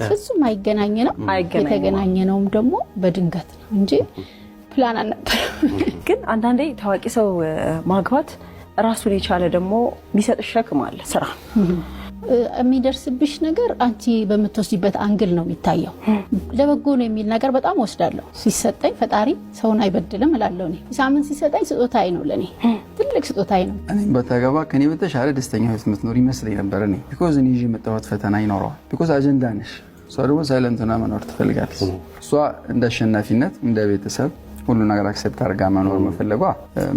በፍጹም አይገናኝ ነው። የተገናኘ ነውም ደግሞ በድንገት ነው እንጂ ፕላን አልነበረ። ግን አንዳንዴ ታዋቂ ሰው ማግባት ራሱን የቻለ ደግሞ የሚሰጥሽ ሸክም አለ። ስራ የሚደርስብሽ ነገር አንቺ በምትወስጂበት አንግል ነው የሚታየው። ለበጎ ነው የሚል ነገር በጣም ወስዳለሁ። ሲሰጠኝ ፈጣሪ ሰውን አይበድልም እላለሁ። ሳምንት ሲሰጠኝ ስጦታዬ ነው ለእኔ ትልቅ ስጦታዬ ነው። እኔም በተገባ ከኔ በተሻለ ደስተኛ ህይወት የምትኖር ይመስለኝ ነበር። እኔ ቢኮዝ እኔ ይዤ የመጣሁት ፈተና ይኖረዋል። ቢኮዝ አጀንዳ ነሽ። እሷ ደግሞ ሳይለንትና መኖር ትፈልጋለች። እሷ እንደ አሸናፊነት እንደ ቤተሰብ ሁሉ ነገር አክሴፕት አድርጋ መኖር መፈለጓ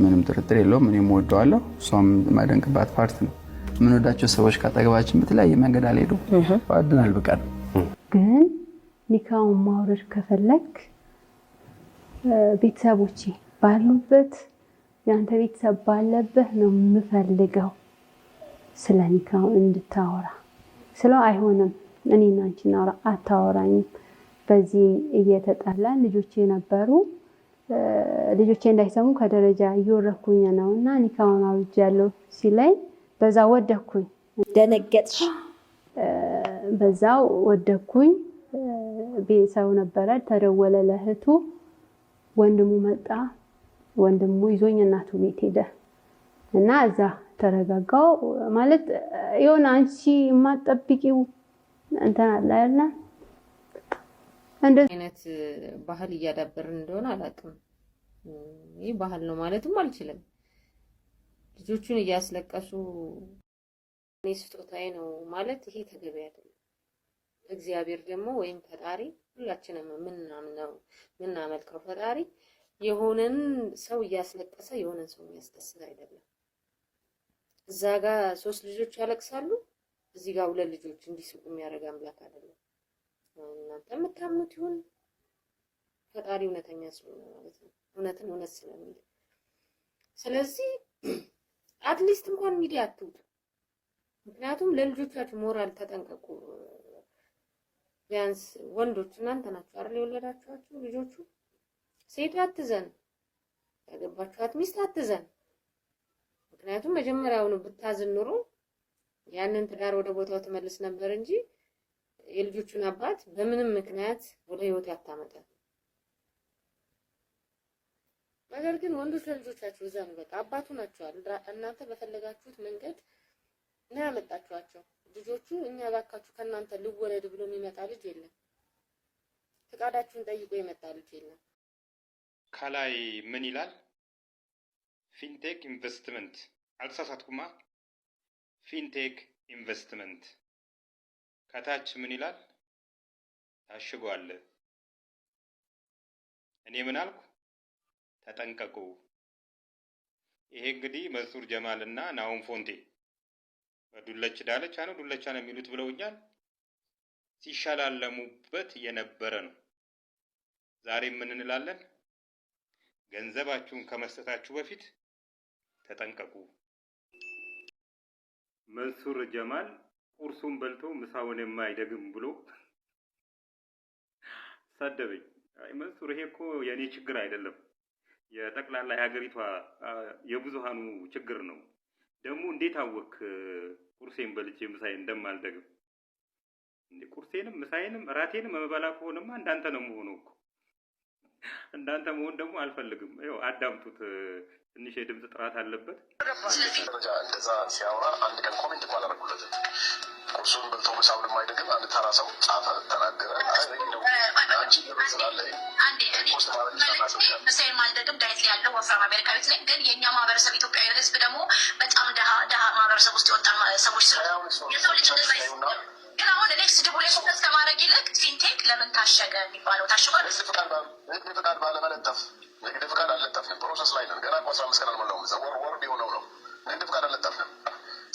ምንም ጥርጥር የለውም። እኔም ወደዋለሁ፣ እሷም የማደንቅባት ፓርት ነው። የምንወዳቸው ሰዎች ካጠገባችን በተለያየ መንገድ አልሄዱ አድናል ብቃ ግን ኒካውን ማውረድ ከፈለግ ቤተሰቦቼ ባሉበት የአንተ ቤተሰብ ባለበህ ነው የምፈልገው ስለ ኒካው እንድታወራ ስለው አይሆንም፣ እኔና አንቺ እናውራ፣ አታወራኝም። በዚህ እየተጣላን ልጆቼ ነበሩ ልጆቼ እንዳይሰሙ ከደረጃ እየወረኩኝ ነው እና ኒካውን አውጃለሁ ሲለኝ በዛ ወደኩኝ። ደነገጥሽ? በዛው ወደኩኝ። ቤተሰቡ ነበረ፣ ተደወለ ለእህቱ፣ ወንድሙ መጣ ወንድሙ ይዞኝ እናቱ ቤት ሄደ እና እዛ ተረጋጋው። ማለት የሆነ አንቺ የማጠብቂው እንትን አለ ያለ እንደዚህ አይነት ባህል እያዳበርን እንደሆነ አላውቅም። ይህ ባህል ነው ማለትም አልችልም። ልጆቹን እያስለቀሱ እኔ ስጦታዬ ነው ማለት ይሄ ተገቢ አይደለም። እግዚአብሔር ደግሞ ወይም ፈጣሪ ሁላችንም ምናምነው ምናመልከው ፈጣሪ የሆነን ሰው እያስለቀሰ የሆነን ሰው የሚያስደስት አይደለም። እዛ ጋ ሶስት ልጆች ያለቅሳሉ፣ እዚህ ጋር ሁለት ልጆች እንዲስቁ የሚያደርግ አምላክ አይደለም። እናንተ የምታምኑት ይሁን ፈጣሪ እውነተኛ ስለሆነ ማለት ነው። እውነትን እውነት ስለሚል ስለዚህ አትሊስት እንኳን ሚዲያ አትውጡ። ምክንያቱም ለልጆቻችሁ ሞራል ተጠንቀቁ። ቢያንስ ወንዶች እናንተ ናችሁ አይደል የወለዳችኋቸው ልጆቹ ሴቷ አትዘን፣ ያገባችኋት ሚስት አትዘን። ምክንያቱም መጀመሪያውኑ ብታዝን ኑሮ ያንን ትዳር ወደ ቦታው ትመልስ ነበር እንጂ የልጆቹን አባት በምንም ምክንያት ወደ ህይወት ያታመጣል። ነገር ግን ወንዶች ለልጆቻችሁ እዘኑ። በቃ አባቱ ናቸዋል። እናንተ በፈለጋችሁት መንገድ ነው ያመጣችኋቸው። ልጆቹ እኛ ባካችሁ ከእናንተ ልወለድ ብሎ የሚመጣ ልጅ የለም። ፍቃዳችሁን ጠይቆ የመጣ ልጅ የለም። ከላይ ምን ይላል? ፊንቴክ ኢንቨስትመንት አልተሳሳትኩማ። ፊንቴክ ኢንቨስትመንት ከታች ምን ይላል? ታሽጓል። እኔ ምን አልኩ? ተጠንቀቁ። ይሄ እንግዲህ መንሱር ጀማል እና ናሆም ፎንቴ በዱለች ዳለቻ ነው ዱለቻ ነው የሚሉት ብለውኛል። ሲሸላለሙበት የነበረ ነው። ዛሬ ምን እንላለን? ገንዘባችሁን ከመስጠታችሁ በፊት ተጠንቀቁ። መንሱር ጀማል ቁርሱን በልቶ ምሳውን የማይደግም ብሎ ሰደበኝ። አይ መንሱር፣ ይሄ እኮ የእኔ ችግር አይደለም፣ የጠቅላላ የሀገሪቷ የብዙሃኑ ችግር ነው። ደግሞ እንዴት አወክ ቁርሴን በልቼ ምሳዬን እንደማልደግም? ቁርሴንም ምሳዬንም እራቴንም የምበላ ከሆነማ እንዳንተ ነው መሆኑ እኮ እንዳንተ መሆን ደግሞ አልፈልግም። ይኸው አዳምጡት። ትንሽ የድምፅ ጥራት አለበት። እንደዛ ሲያወራ አንድ ቀን ኮሜንት እንኳ አላደረኩለትም። ቁርሱን በልቶ መሳብ ለማይደግም አንድ ተራ ሰው ጻፈ፣ ተናገረ። ማልደግም ዳይት ላይ ያለው ወፍራም አሜሪካዊት ነኝ፣ ግን የእኛ ማህበረሰብ ኢትዮጵያዊ ህዝብ ደግሞ በጣም ደሃ ማህበረሰብ ውስጥ የወጣ ሰዎች ስለሆነ የሰው ልጅ እንደዛ ግን አሁን እኔ ስድቡ ላይ ፎከስ ከማድረግ ይልቅ ፊንቴክ ለምን ታሸገ የሚባለው ታሽጓል። ንግድ ፍቃድ ባለመለጠፍ ንግድ ፍቃድ አልለጠፍንም። ፕሮሰስ ላይ ነን። ገና አስራ አምስት ቀን አልሞላውም። ዘወር ወር ቢሆነው ነው ንግድ ፍቃድ አልለጠፍንም።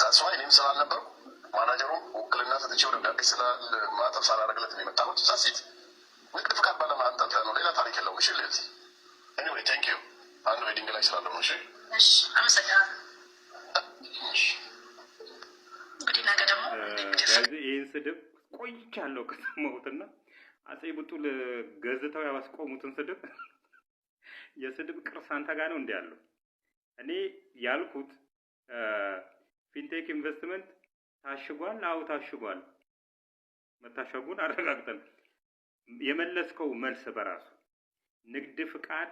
ዛስ ዋይ እኔም ስላልነበርኩ ማናጀሩ ውክልና ሰጥቼ ደብዳቤ ስለማጠፍ ሳላደርግለት ነው የመጣሁት። ዛሲት ንግድ ፍቃድ ባለማንጠፍ ነው። ሌላ ታሪክ የለውም። እሺ ልዚ ኤኒዌይ ቴንክ ዩ አንድ ዌዲንግ ላይ ስላለው ነው። እሺ አመሰግናለሁ። እንግዲህ ነገ ደግሞ ይህን ስድብ ቆይቻለሁ ከሰማሁትና አፄ ብጡል ገዝተው ያስቆሙትን ስድብ የስድብ ቅርስ አንተ ጋር ነው እንዲ ያለው። እኔ ያልኩት ፊንቴክ ኢንቨስትመንት ታሽጓል። አዎ ታሽጓል። መታሸጉን አረጋግጠን የመለስከው መልስ በራሱ ንግድ ፍቃድ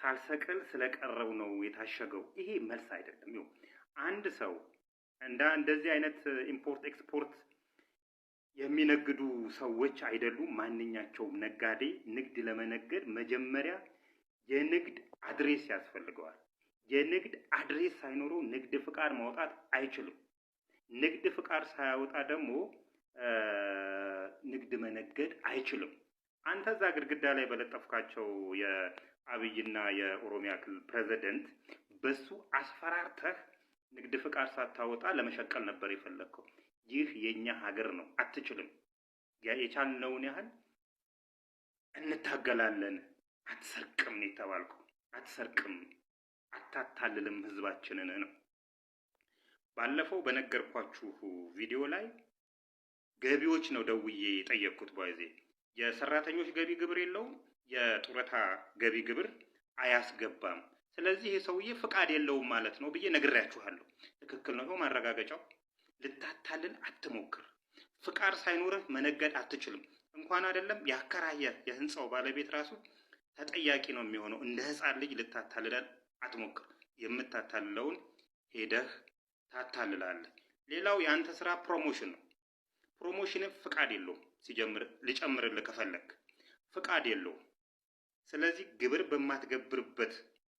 ሳልሰቅል ስለቀረው ነው የታሸገው። ይሄ መልስ አይደለም። አንድ ሰው እንደዚህ አይነት ኢምፖርት ኤክስፖርት የሚነግዱ ሰዎች አይደሉም። ማንኛቸውም ነጋዴ ንግድ ለመነገድ መጀመሪያ የንግድ አድሬስ ያስፈልገዋል። የንግድ አድሬስ ሳይኖረው ንግድ ፍቃድ ማውጣት አይችልም። ንግድ ፍቃድ ሳያወጣ ደግሞ ንግድ መነገድ አይችልም። አንተ እዛ ግድግዳ ላይ በለጠፍካቸው የአብይና የኦሮሚያ ክልል ፕሬዚደንት በሱ አስፈራርተህ ንግድ ፍቃድ ሳታወጣ ለመሸቀል ነበር የፈለግከው። ይህ የእኛ ሀገር ነው፣ አትችልም፣ የቻልነውን ያህል እንታገላለን። አትሰርቅም የተባልኩ አትሰርቅም፣ አታታልልም ህዝባችንን ነው። ባለፈው በነገርኳችሁ ቪዲዮ ላይ ገቢዎች ነው ደውዬ የጠየቅኩት። ባይዜ የሰራተኞች ገቢ ግብር የለውም፣ የጡረታ ገቢ ግብር አያስገባም። ስለዚህ ይህ ሰውዬ ፍቃድ የለውም ማለት ነው ብዬ ነግሬያችኋለሁ። ትክክል ነው። ማረጋገጫው ልታታልል አትሞክር። ፍቃድ ሳይኖርህ መነገድ አትችልም። እንኳን አይደለም ያከራየ የህንፃው ባለቤት ራሱ ተጠያቂ ነው የሚሆነው። እንደ ህፃን ልጅ ልታታልለን አትሞክር። የምታታልለውን ሄደህ ታታልላለህ። ሌላው የአንተ ስራ ፕሮሞሽን ነው። ፕሮሞሽን ፍቃድ የለውም። ሲጀምር ልጨምርልህ ከፈለግ ፍቃድ የለውም። ስለዚህ ግብር በማትገብርበት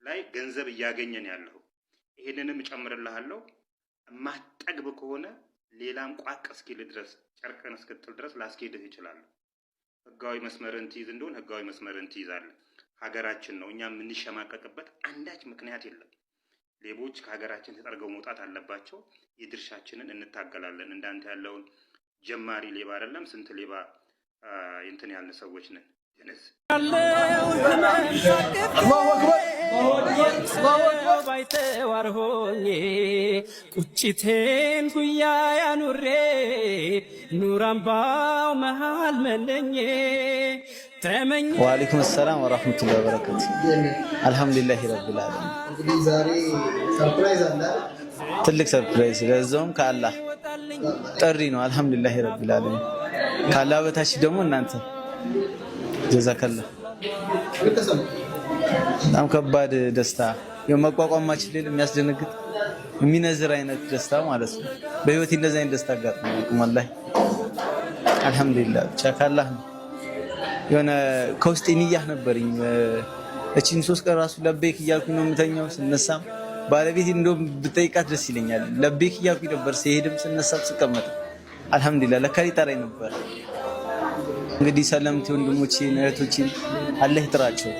ላይ ገንዘብ እያገኘን ያለው ይሄንንም እጨምርልሃለሁ ጠግብ ከሆነ ሌላም ቋቅ እስኪል ድረስ ጨርቅን እስክትል ድረስ ላስኬድህ ይችላሉ። ህጋዊ መስመርን ትይዝ እንደሆን ህጋዊ መስመርን ትይዛለ። ሀገራችን ነው። እኛ የምንሸማቀቅበት አንዳች ምክንያት የለም። ሌቦች ከሀገራችን ተጠርገው መውጣት አለባቸው። የድርሻችንን እንታገላለን። እንዳንተ ያለውን ጀማሪ ሌባ አይደለም። ስንት ሌባ እንትን ያልን ሰዎች ነን። ባይተዋር ሆኜ ቁጭቴን ጉያ ያኑሬ ኑራምባው መሃል መለኜ ተመኘ። ወአለይኩም ሰላም ወራህመቱላሂ ወበረካቱ። አልሐምዱሊላህ ረብል ዓለሚን። ትልቅ ሰርፕራይዝ ለዛውም ከአላህ ጥሪ ነው። ዓለሚን። በታች ደግሞ እናንተ ጀዛከላ በጣም ከባድ ደስታ የመቋቋማችን ሌል የሚያስደነግጥ የሚነዝር አይነት ደስታ ማለት ነው። በህይወት እንደዚህ አይነት ደስታ አጋጥሞ ላይ አልሐምዱሊላህ ብቻ ካላህ ነው። የሆነ ከውስጥ ንያህ ነበርኝ እቺን ሶስት ቀን ራሱ ለቤክ እያልኩኝ ነው የምተኛው። ስነሳም ባለቤት እንደውም ብጠይቃት ደስ ይለኛል። ለቤክ እያልኩኝ ነበር ስሄድም ስነሳም ስቀመጥ። አልሐምዱሊላህ ለካ ሊጠራኝ ነበር። እንግዲህ ሰለምቴ ወንድሞቼን እህቶቼን አላህ ይጥራቸው።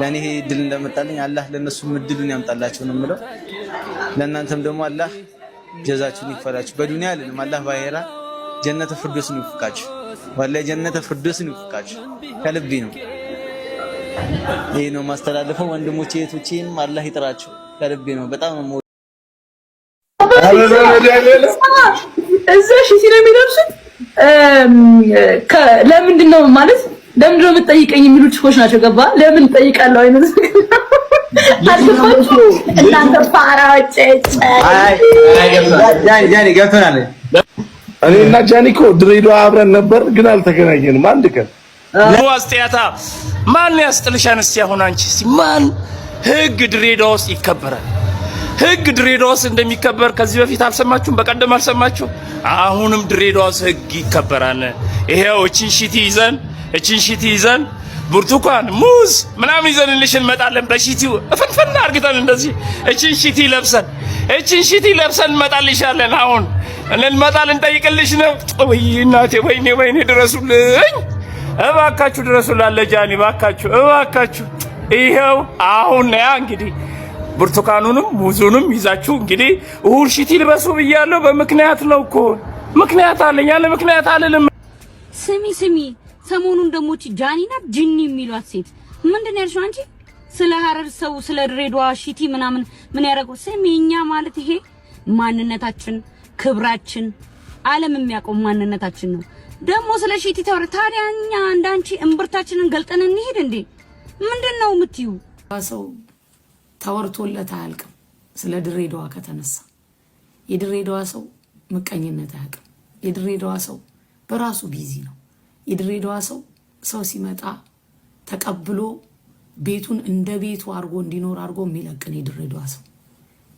ለእኔ ይሄ እድል እንደመጣልኝ አላህ ለእነሱም እድሉን ያምጣላቸው ነው የምለው። ለእናንተም ደግሞ አላህ ጀዛችሁን ይክፈላችሁ። በዱንያ አለንም አላህ ባሄራ ጀነተ ነው ይፍቃችሁ። ወላሂ ጀነተ ነው ይፍቃችሁ። ከልቤ ነው ይሄ ነው ማስተላለፈው። ወንድሞቼ እህቶቼም አላህ ይጥራቸው። ከልቤ ነው። በጣም ነው እዛ ሺህ ነው የሚለብሱት ለምንድን ነው ማለት ለምንድን ነው የምትጠይቀኝ የሚሉ ችኮች ናቸው። ገባ ለምን ጠይቃለሁ አይነት እናንተ ፋራዎች ገብቶናል። እኔ እና ጃኒ እኮ ድሬዳዋ አብረን ነበር፣ ግን አልተገናኘንም። አንድ ቀን ዋስጥያታ ማን ያስጥልሻን? እስኪ አሁን አንቺ ማን ህግ ድሬዳዋ ውስጥ ይከበራል? ህግ ድሬዳዋ ውስጥ እንደሚከበር ከዚህ በፊት አልሰማችሁም? በቀደም አልሰማችሁ? አሁንም ድሬዳዋ ውስጥ ህግ ይከበራል። ይሄው እቺን ሺቲ ይዘን እቺን ሺቲ ይዘን ብርቱካን፣ ሙዝ ምናምን ይዘን እንመጣለን። በሺቲው ፍንፍን አርግተን እንደዚህ እቺን ሺቲ ለብሰን እቺን ሺቲ ለብሰን እንመጣልሻለን። አሁን እንመጣል እንጠይቅልሽ ነው። ወይ እናቴ፣ ወይኔ፣ ወይኔ፣ ድረሱልኝ እባካችሁ፣ ድረሱላለጃኒ እባካችሁ፣ እባካችሁ። ይኸው አሁን ያ እንግዲህ ብርቱካኑንም ሙዙንም ይዛችሁ እንግዲህ እሁድ ሽቲ ልበሱ ብያለሁ። በምክንያት ነው እኮ ምክንያት አለኝ። ያለ ምክንያት አልልም። ስሚ ስሚ፣ ሰሞኑን ደግሞ ጃኒና ጂኒ የሚሏት ሴት ምንድን ነው ያልሽው አንቺ? ስለ ሀረር ሰው ስለ ድሬዳዋ ሽቲ ምናምን ምን ያደረገው? ስሚ እኛ ማለት ይሄ ማንነታችን ክብራችን፣ ዓለም የሚያውቀው ማንነታችን ነው። ደግሞ ስለ ሽቲ ተወረ። ታዲያ እኛ እንዳንቺ እምብርታችንን ገልጠን እንሄድ እንዴ? ምንድን ነው የምትዩ ሰው ተወርቶለት አያልቅም። ስለ ድሬዳዋ ከተነሳ የድሬዳዋ ሰው ምቀኝነት አያውቅም። የድሬዳዋ ሰው በራሱ ቢዚ ነው። የድሬዳዋ ሰው ሰው ሲመጣ ተቀብሎ ቤቱን እንደ ቤቱ አድርጎ እንዲኖር አድርጎ የሚለቅን የድሬዳዋ ሰው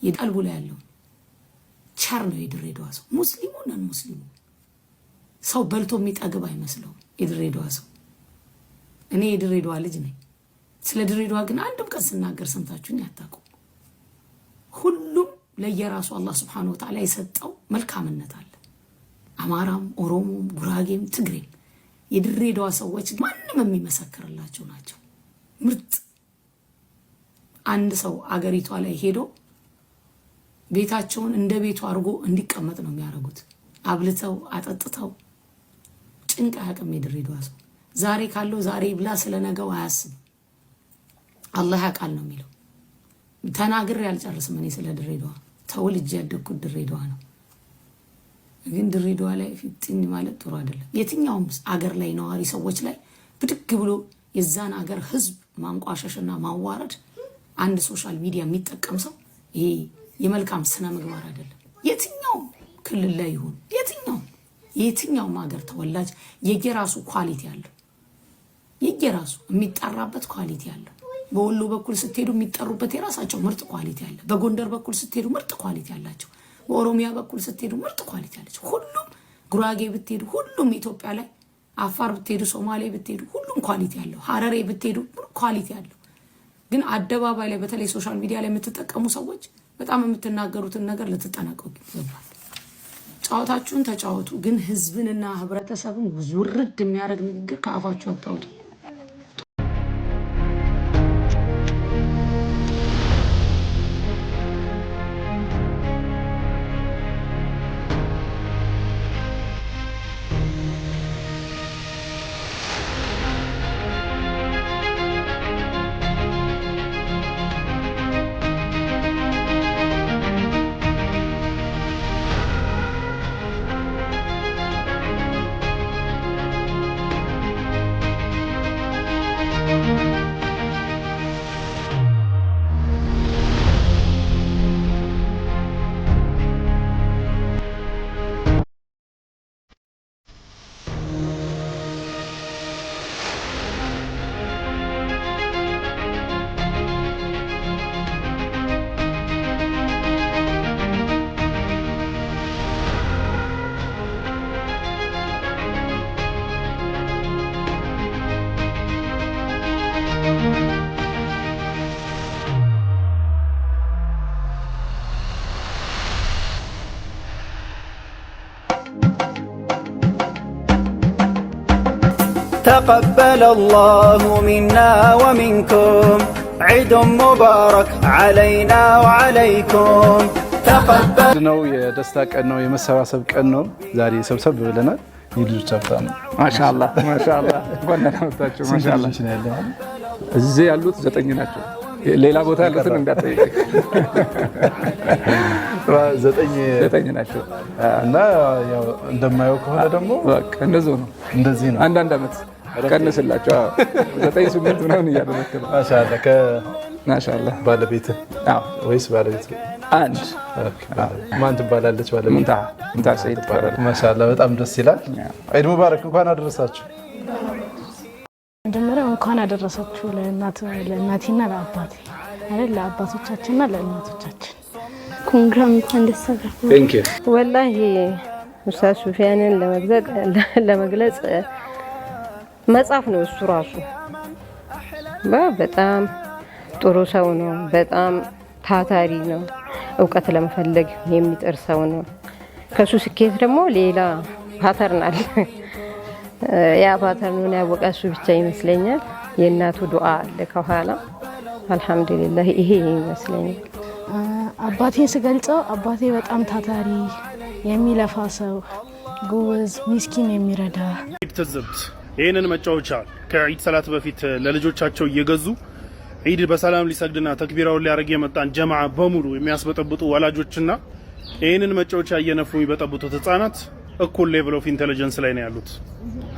የዳልቡ ላይ ያለው ቸር ነው። የድሬዳዋ ሰው ሙስሊሙ ነን ሙስሊሙ ሰው በልቶ የሚጠግብ አይመስለውም የድሬዳዋ ሰው። እኔ የድሬዳዋ ልጅ ነኝ። ስለ ድሬዳዋ ግን አንድም ቀን ስናገር ሰምታችሁን ያታቁ ሁሉም ለየራሱ አላህ ስብሐነሁ ወተዓላ የሰጠው መልካምነት አለ። አማራም፣ ኦሮሞም፣ ጉራጌም፣ ትግሬም የድሬዳዋ ሰዎች ማንም የሚመሰክርላቸው ናቸው። ምርጥ አንድ ሰው አገሪቷ ላይ ሄዶ ቤታቸውን እንደ ቤቱ አድርጎ እንዲቀመጥ ነው የሚያደርጉት። አብልተው አጠጥተው ጭንቅ አያውቅም የድሬዳዋ ሰው። ዛሬ ካለው ዛሬ ብላ ስለ ነገው አያስብ። አላህ ያውቃል ነው የሚለው። ተናግሬ አልጨርስም። እኔ ስለ ድሬዳዋ ተወልጄ ያደግኩት ድሬዳዋ ነው። ግን ድሬዳዋ ላይ ፊጥኝ ማለት ጥሩ አይደለም። የትኛውም አገር ላይ ነዋሪ ሰዎች ላይ ብድግ ብሎ የዛን አገር ህዝብ ማንቋሸሽና ማዋረድ አንድ ሶሻል ሚዲያ የሚጠቀም ሰው ይሄ የመልካም ስነ ምግባር አይደለም። የትኛውም ክልል ላይ ይሁን የትኛውም የትኛውም ሀገር ተወላጅ የየራሱ ኳሊቲ አለው። የየራሱ የሚጠራበት ኳሊቲ አለው። በወሎ በኩል ስትሄዱ የሚጠሩበት የራሳቸው ምርጥ ኳሊቲ አለ። በጎንደር በኩል ስትሄዱ ምርጥ ኳሊቲ አላቸው። በኦሮሚያ በኩል ስትሄዱ ምርጥ ኳሊቲ አላቸው። ሁሉም ጉራጌ ብትሄዱ፣ ሁሉም ኢትዮጵያ ላይ አፋር ብትሄዱ፣ ሶማሌ ብትሄዱ፣ ሁሉም ኳሊቲ አለው። ሀረሬ ብትሄዱ ኳሊቲ አለው። ግን አደባባይ ላይ በተለይ ሶሻል ሚዲያ ላይ የምትጠቀሙ ሰዎች በጣም የምትናገሩትን ነገር ልትጠነቀቁ ይገባል። ጨዋታችሁን ተጫወቱ፣ ግን ህዝብንና ህብረተሰብን ውርድ የሚያደርግ ንግግር ከአፋችሁ አታውጡ። تقبل الله منا ومنكم عيد مبارك علينا وعليكم تقبل نو يا دستا قنو مسراسب قنو زاري سبسب لنا يدوز تفتان ما شاء الله ما شاء الله قلنا نمتاتشو ما شاء الله እዚ ያሉት ዘጠኝ ናቸው ሌላ ቦታ ያሉትን እንዳጠይቅዘጠኝ ናቸው እና እንደማየው ከሆነ ደግሞ እንደዚሁ ነው እንደዚህ ነው አንዳንድ አመት ቀንስላቸው ዘጠኝ ስምንት ምናምን እያደረክ ነው። ማሻላ ባለቤት ወይስ ባለቤት አንድ ማን ትባላለች? ባለቤት በጣም ደስ ይላል። ዒድ ሙባረክ። እንኳን አደረሳችሁ። መጀመሪያ እንኳን አደረሳችሁ ለእናቴና ለአባቴ አይደል ለአባቶቻችንና ለእናቶቻችን ኮንግራ እንኳን ደስ ወላሂ ሙሳ ሱፊያንን ለመግለጽ መጽሐፍ ነው እሱ ራሱ። በጣም ጥሩ ሰው ነው። በጣም ታታሪ ነው። እውቀት ለመፈለግ የሚጥር ሰው ነው። ከሱ ስኬት ደግሞ ሌላ ፓተርን አለ። ያ ፓተርኑን ያወቀ እሱ ብቻ ይመስለኛል። የእናቱ ዱዓ አለ ከኋላ። አልሐምዱሊላህ ይሄ ይመስለኛል። አባቴን ስገልጸው አባቴ በጣም ታታሪ የሚለፋ ሰው፣ ጎበዝ፣ ሚስኪን የሚረዳ ትዝብት ይህንን መጫወቻ ከዒድ ሰላት በፊት ለልጆቻቸው እየገዙ ዒድ በሰላም ሊሰግድና ተክቢራውን ሊያደርግ የመጣን ጀማዓ በሙሉ የሚያስበጠብጡ ወላጆችና ይህንን መጫወቻ እየነፉ የሚበጠብጡት ህጻናት እኩል ሌቭል ኦፍ ኢንቴሊጀንስ ላይ ነው ያሉት።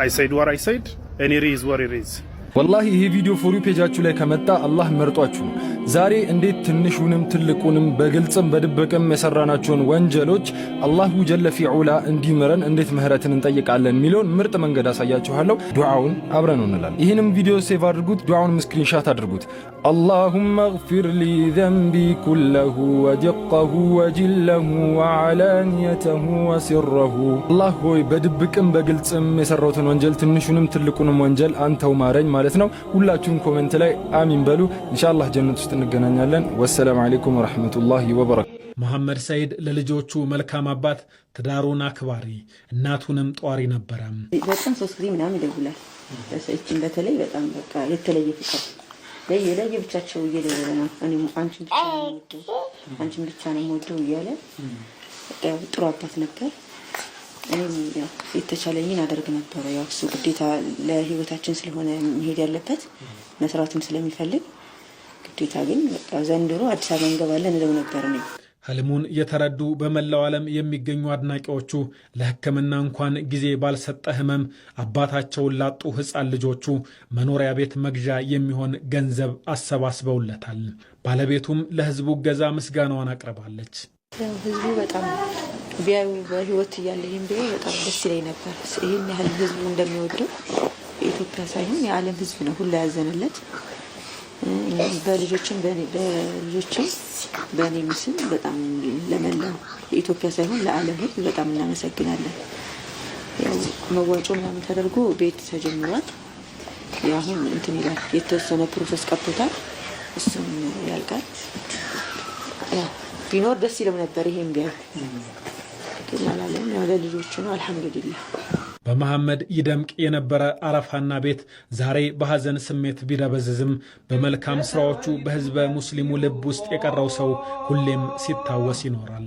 አይሰይድ ወር አይሰይድ እኔ ሬዝ ወር ሬዝ ወላሂ ይሄ ቪዲዮ ፎር ፔጃችሁ ላይ ከመጣ አላህ መርጧችሁ ነው። ዛሬ እንዴት ትንሹንም ትልቁንም በግልጽም በድብቅም የሰራናቸውን ወንጀሎች አላሁ ጀለ ፊዑላ እንዲምረን እንዴት ምህረትን እንጠይቃለን የሚለውን ምርጥ መንገድ አሳያችኋለሁ። ዱዓውን አብረን እንላለን። ይህንም ቪዲዮ ሴቭ አድርጉት፣ ዱዓውን ስክሪንሻት አድርጉት። አላሁመ እግፊር ሊ ዘንቢ ኩለሁ ወጀቀሁ ወጅለሁ ወዓላንየተሁ ወሲረሁ። አላህ ሆይ በድብቅም በግልጽም የሰራሁትን ወንጀል ትንሹንም ትልቁንም ወንጀል አንተው ማረኝ ማለት ነው። ሁላችሁም ኮመንት ላይ አሚን በሉ። ኢንሻአላህ ጀነት ውስጥ እንገናኛለን። ወሰላም አለይኩም ወራህመቱላሂ ወበረካቱ። መሐመድ ሰይድ ለልጆቹ መልካም አባት፣ ትዳሩን አክባሪ፣ እናቱንም ጧሪ ነበረ። በጣም ሶስት ጊዜ ምናምን ይደውላል። ለሰይችን በተለይ በጣም በቃ የተለየ ፍቅር ለየለየ ብቻቸው እየደወለ ነው። አንቺን ብቻ ነው የምወደው እያለ ጥሩ አባት ነበር። የተቻለኝን አደርግ ነበረ። ያው እሱ ግዴታ ለህይወታችን ስለሆነ መሄድ ያለበት መስራትም ስለሚፈልግ ግዴታ ግን ዘንድሮ አዲስ አበባ እንገባለን እለው ነበር ነው። ህልሙን የተረዱ በመላው ዓለም የሚገኙ አድናቂዎቹ ለሕክምና እንኳን ጊዜ ባልሰጠ ህመም አባታቸውን ላጡ ሕፃን ልጆቹ መኖሪያ ቤት መግዣ የሚሆን ገንዘብ አሰባስበውለታል። ባለቤቱም ለህዝቡ እገዛ ምስጋናዋን አቅርባለች። ህዝቡ በጣም ቢያዩ በህይወት እያለ ይህም ቢሆን በጣም ደስ ይለኝ ነበር። ይህን ያህል ህዝቡ እንደሚወደው የኢትዮጵያ ሳይሆን የዓለም ህዝብ ነው ሁሉ ያዘንለት። በልጆችም በልጆችም በእኔ ምስል በጣም ለመላው የኢትዮጵያ ሳይሆን ለዓለም ህዝብ በጣም እናመሰግናለን። መዋጮ ምናምን ተደርጎ ቤት ተጀምሯል። አሁን እንትን ይላል የተወሰነ ፕሮሰስ ቀብቶታል። እሱም ያልቃል። ቢኖር ደስ ይለው ነበር ይሄም ቢያዩ ላላለም ያለ ልጆቹ ነው። አልሐምዱሊላ በመሐመድ ይደምቅ የነበረ አረፋና ቤት ዛሬ በሐዘን ስሜት ቢደበዝዝም በመልካም ስራዎቹ በህዝበ ሙስሊሙ ልብ ውስጥ የቀረው ሰው ሁሌም ሲታወስ ይኖራል።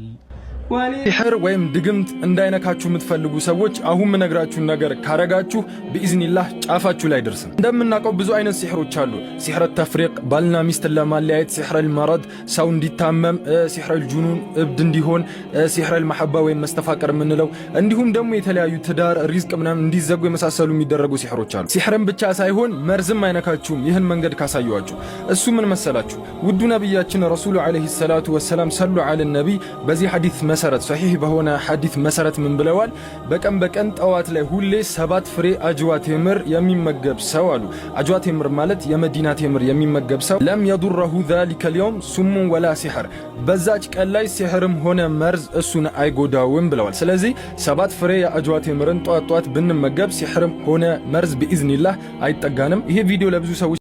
ሲሕር ወይም ድግምት እንዳይነካችሁ የምትፈልጉ ሰዎች አሁን ምነግራችሁን ነገር ካረጋችሁ ብኢዝኒላህ ጫፋችሁ ላይ ደርስም። እንደምናውቀው ብዙ አይነት ሲሕሮች አሉ። ሲሕረ ተፍሪቅ ባልና ሚስትን ለማለያየት፣ ሲሕረል መረድ ሰው እንዲታመም፣ ሲሕረል ጁኑን እብድ እንዲሆን፣ ሲሕረል ማሐባ ወይም መስተፋቀር የምንለው እንዲሁም ደግሞ የተለያዩ ትዳር፣ ሪዝቅ ምናምን እንዲዘጉ የመሳሰሉ የሚደረጉ ሲሕሮች አሉ። ሲሕርን ብቻ ሳይሆን መርዝም አይነካችሁም። ይህን መንገድ ካሳየዋችሁ እሱ ምን መሰላችሁ? ውዱ ነቢያችን ረሱሉ ዓለይሂ ሰላቱ ወሰላም ሰሉ ዓለ ነቢይ በዚህ ሐዲስ መሰረት ሰሒህ በሆነ ሐዲት መሰረት ምን ብለዋል? በቀን በቀን ጠዋት ላይ ሁሌ ሰባት ፍሬ አጅዋ ቴምር የሚመገብ ሰው አሉ። አጅዋ ቴምር ማለት የመዲና ቴምር የሚመገብ ሰው ለም የዱረሁ ዛሊከ ልየውም ሱሙን ወላ ሲሕር፣ በዛች ቀን ላይ ሲሕርም ሆነ መርዝ እሱን አይጎዳውም ብለዋል። ስለዚህ ሰባት ፍሬ የአጅዋ ቴምርን ጠዋት ጠዋት ብንመገብ ሲሕርም ሆነ መርዝ ብኢዝኒላህ አይጠጋንም። ይሄ ቪዲዮ ለብዙ ሰዎች